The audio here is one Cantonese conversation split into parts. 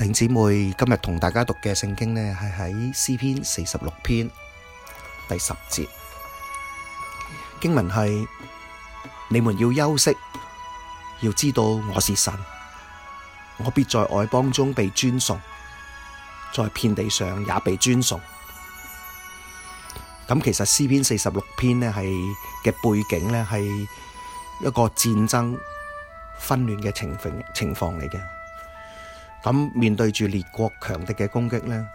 弟兄姊妹，今日同大家讀嘅聖經呢，係喺詩篇四十六篇第十節。經文係：你們要休息，要知道我是神，我必在外邦中被尊崇，在遍地上也被尊崇。咁其實詩篇四十六篇呢，係嘅背景呢，係一個戰爭紛亂嘅情情情況嚟嘅。咁面對住列國強敵嘅攻擊呢，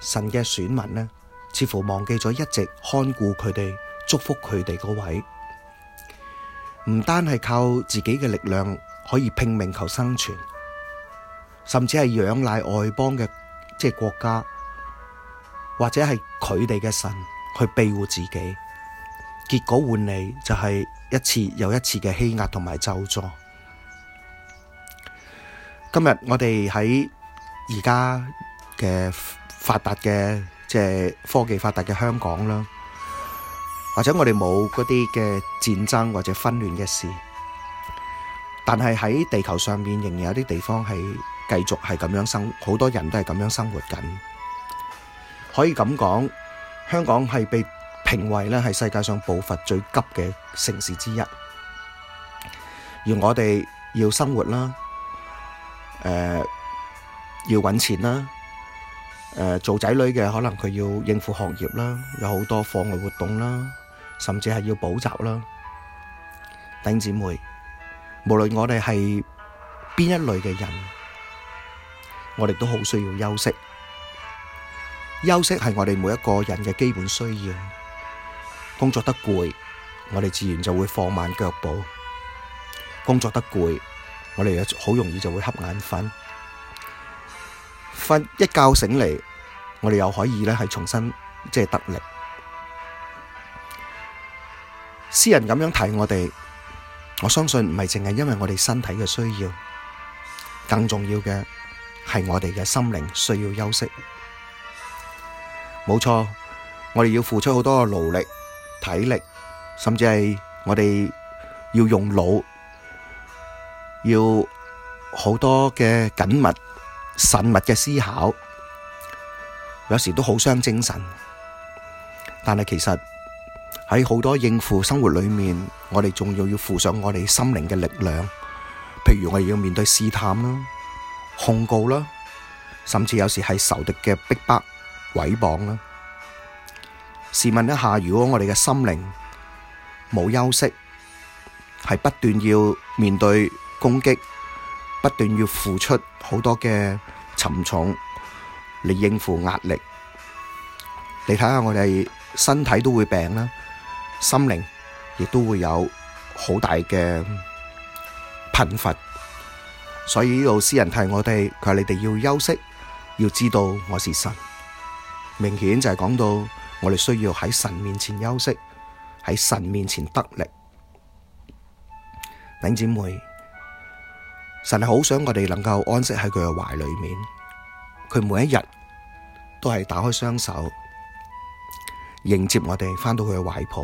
神嘅選民呢，似乎忘記咗一直看顧佢哋、祝福佢哋嗰位，唔單係靠自己嘅力量可以拼命求生存，甚至係仰賴外邦嘅即係國家，或者係佢哋嘅神去庇護自己。結果換嚟就係一次又一次嘅欺壓同埋咒詛。今日我哋喺而家嘅發達嘅即係科技發達嘅香港啦，或者我哋冇嗰啲嘅戰爭或者紛亂嘅事，但係喺地球上面仍然有啲地方係繼續係咁樣生，好多人都係咁樣生活緊。可以咁講，香港係被評為咧係世界上步伐最急嘅城市之一，而我哋要生活啦。誒，要搵錢啦！誒，做仔女嘅可能佢要應付學業啦，有好多課外活動啦，甚至係要補習啦。弟姊妹，無論我哋係邊一類嘅人，我哋都好需要休息。休息係我哋每一個人嘅基本需要。工作得攰，我哋自然就會放慢腳步。工作得攰。我哋又好容易就會瞌眼瞓，瞓一覺醒嚟，我哋又可以咧係重新即係得力。私人咁樣睇我哋，我相信唔係淨係因為我哋身體嘅需要，更重要嘅係我哋嘅心靈需要休息。冇錯，我哋要付出好多嘅勞力、體力，甚至係我哋要用腦。要好多嘅緊密、慎密嘅思考，有時都好傷精神。但係其實喺好多應付生活裏面，我哋仲要要付上我哋心靈嘅力量。譬如我哋要面對試探啦、控告啦，甚至有時係仇敵嘅逼迫、毀謗啦。試問一下，如果我哋嘅心靈冇休息，係不斷要面對，攻擊不斷要付出好多嘅沉重嚟應付壓力，你睇下我哋身體都會病啦，心靈亦都會有好大嘅貧乏，所以呢度詩人提我哋，佢話，你哋要休息，要知道我是神，明顯就係講到我哋需要喺神面前休息，喺神面前得力，弟兄姊妹。神係好想我哋能夠安息喺佢嘅懷裏面，佢每一日都係打開雙手，迎接我哋返到佢嘅懷抱。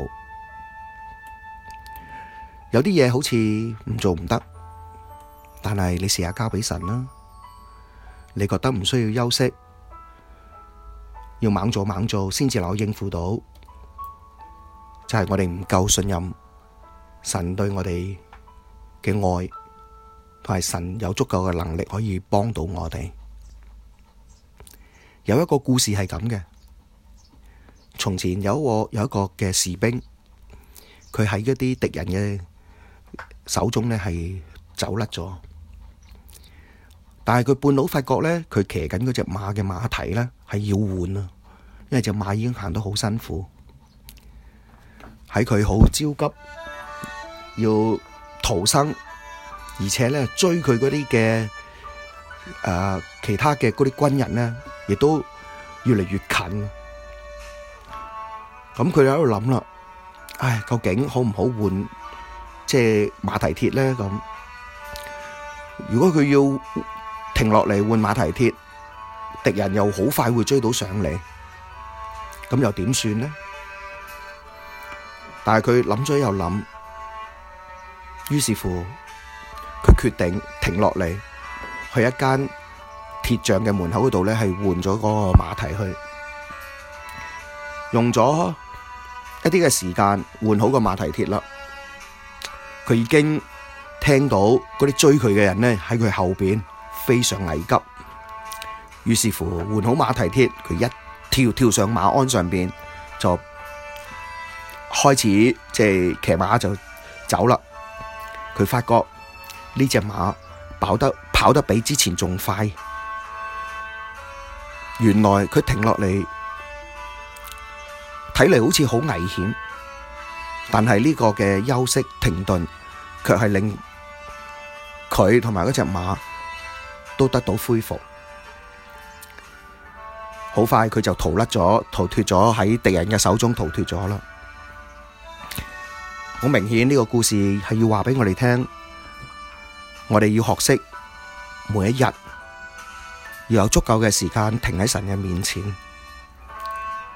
有啲嘢好似唔做唔得，但係你試下交畀神啦。你覺得唔需要休息，要猛做猛做先至能夠應付到，就係我哋唔夠信任神對我哋嘅愛。都係神有足夠嘅能力可以幫到我哋。有一個故事係咁嘅：從前有一個有一個嘅士兵，佢喺一啲敵人嘅手中呢係走甩咗，但係佢半路發覺呢，佢騎緊嗰隻馬嘅馬蹄呢係要換啊，因為隻馬已經行得好辛苦，喺佢好焦急要逃生。而且咧追佢嗰啲嘅，誒其他嘅嗰啲軍人咧，亦都越嚟越近。咁佢喺度諗啦，唉，究竟好唔好換即係馬蹄鐵咧？咁如果佢要停落嚟換馬蹄鐵，敵人又好快會追到上嚟，咁又點算咧？但係佢諗咗又諗，於是乎。佢決定停落嚟，去一間鐵匠嘅門口嗰度咧，係換咗嗰個馬蹄去，用咗一啲嘅時間換好個馬蹄鐵啦。佢已經聽到嗰啲追佢嘅人咧喺佢後邊，非常危急，於是乎換好馬蹄鐵，佢一跳跳上馬鞍上邊就開始即係騎馬就走啦。佢發覺。呢隻馬跑得跑得比之前仲快，原來佢停落嚟睇嚟好似好危險，但係呢個嘅休息停頓，卻係令佢同埋嗰隻馬都得到恢復。好快佢就逃甩咗，逃脫咗喺敵人嘅手中，逃脫咗啦。好明顯呢個故事係要話俾我哋聽。我哋要學識每一日要有足夠嘅時間停喺神嘅面前，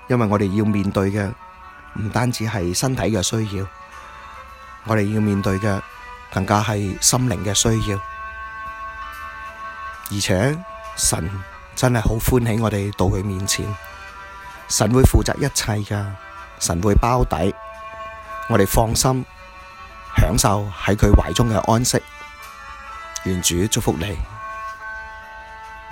因為我哋要面對嘅唔單止係身體嘅需要，我哋要面對嘅更加係心靈嘅需要。而且神真係好歡喜我哋到佢面前，神會負責一切㗎，神會包底，我哋放心享受喺佢懷中嘅安息。願主祝福你。